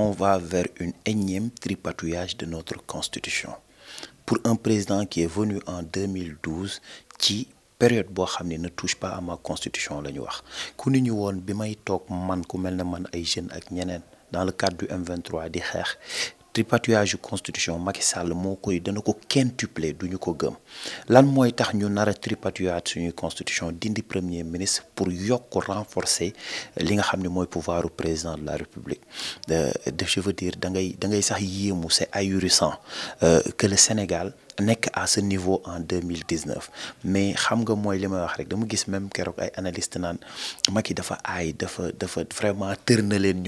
on va vers une énième tripatouillage de notre constitution pour un président qui est venu en 2012 qui, période bo ne touche pas à ma constitution dans le cadre du M23 tripatouillage constitution Macky Sall mo koy dana ko quintuplé duñu ko gëm lan moy tax ñu nara a suñu constitution dindi premier ministre pour yok renforcer li nga xamni pouvoir du président de la république euh, de je veux dire da ngay da ngay sax c'est ahurissant euh, que le Sénégal neck à ce niveau en 2019 mais xam nga moy li may wax rek gis même kérok ay analyste nan Macky dafa ay dafa dafa vraiment tourner na leen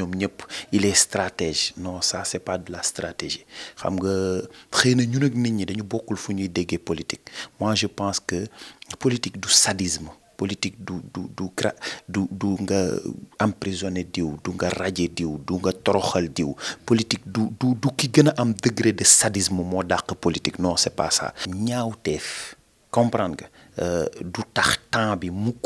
il est stratège non ça c'est pas de la stratégie xam nga xeyna ñun ak nit ñi dañu bokkul fu ñuy politique moi je pense que politique du sadisme politique du du du du du nga emprisonner diw du nga radier diw du nga toroxal diw politique du du du ki gën am degré de sadisme mo dàq politique non c'est pas ça. ñaawtef comprendre nga euh, du tax temps bi mukk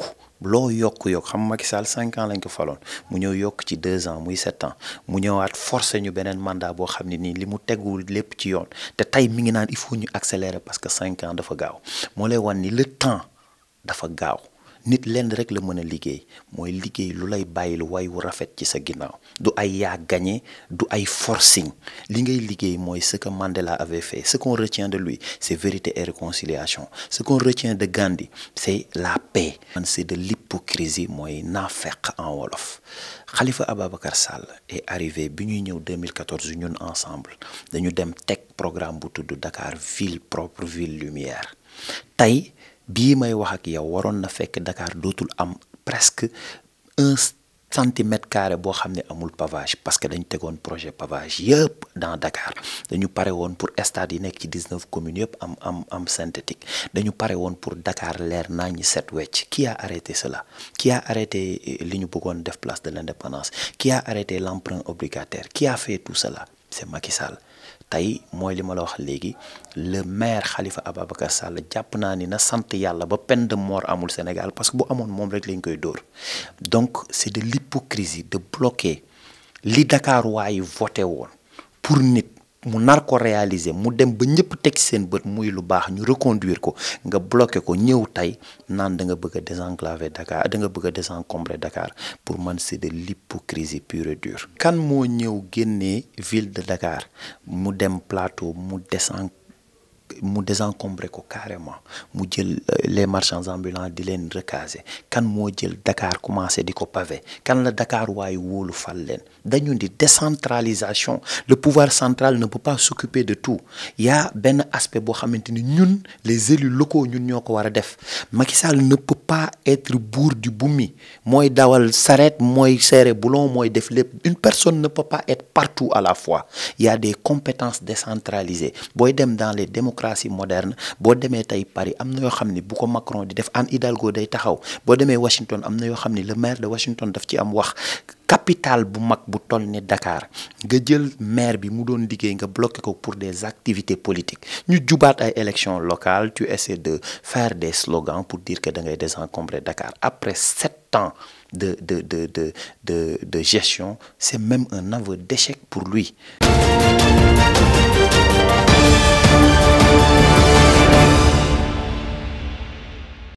lo yok yok xam Macky Sall 5 ans lañ ko falon mu ñew yok ci 2 ans muy 7 ans mu ñewat forcer ñu benen mandat bo xamni ni limu teggul lepp ci yoon te tay mi ngi naan il faut ñu accélérer parce que 5 ans dafa gaaw mo lay wone ni le temps dafa gaaw nit avons rek la mën a liggéey mooy liggéey lu lay bàyyil way wu rafet ci sa ginnaaw du ay yaa gagné du ay forcing li ngay liggéey mooy ce que Mandela avait fait ce qu'on retient de lui c'est vérité et réconciliation ce qu'on retient de Gandhi c'est la paix c'est de l'hypocrisie mooy naafeq en wolof Khalifa Ababacar Sall est arrivé En ñuy 2014 ñun ensemble dañu dem teg programme bu tudd Dakar ville propre ville lumière tey bi may wax ak yow waroon na fekk Dakar dootul am presque un centimètre carré boo xam ne amul pavage parce que dañ tegoon projet pavage yëpp dans Dakar dañu pare woon pour stade yi nekk ci 19 communes yëpp am am am synthétique dañu pare woon pour Dakar leer naa ñi set qui a arrêté cela qui a arrêté euh, li ñu bëggoon def place de l'indépendance qui a arrêté l'emprunt obligataire qui a fait tout cela c'est Macky Sall tay moy li ma la wax legui le maire Khalifa ababakar Sall japp naa ni na sant yàlla ba peine de mort amul senegal parce que bu amone mom rek lañ koy dóor donc c'est de l'hypocrisie de bloquer li Dakar waayu voté won pour nit mu nar ko réaliser mu dem ba ñëpp teg seen bët muy lu baax ñu reconduire ko nga bloqué ko ñëw tey naan da nga bëgg a désenclaver Dakar da nga bëgg a désencombrer Dakar pour man c'est de l'hypocrisie pure dure. kan moo ñëw génne ville de Dakar mu dem plateau mu désencombre. mu désencombré ko carrément mu jël euh, les marchands ambulants di leen recaser kan moo jël Dakar commencé di ko pavé kan la Dakar waayu wóolu fal leen dañu di décentralisation le pouvoir central ne peut pas s'occuper de tout y a ben aspect boo xamante ñun les élus locaux ñun ñoo ko war def ne peut pas être bourre du bumi mooy dawal saret mooy serré boulon mooy def lépp une personne ne peut pas être partout à la fois y a des compétences décentralisées booy dem dans les démocraties démocratie moderne bo demee tay Paris amna yo xamni Macron di def Anne Hidalgo day taxaw Washington amna yo le maire de Washington daf ci am wax capitale bu mag bu Dakar nga jël maire bi mu doon nga bloqué ko pour des activités politiques ñu jubaat ay élections locales tu essaies de faire des slogans pour dire que da ngay désencombrer Dakar après sept ans de de de de de de gestion c'est même un aveu d'échec pour lui.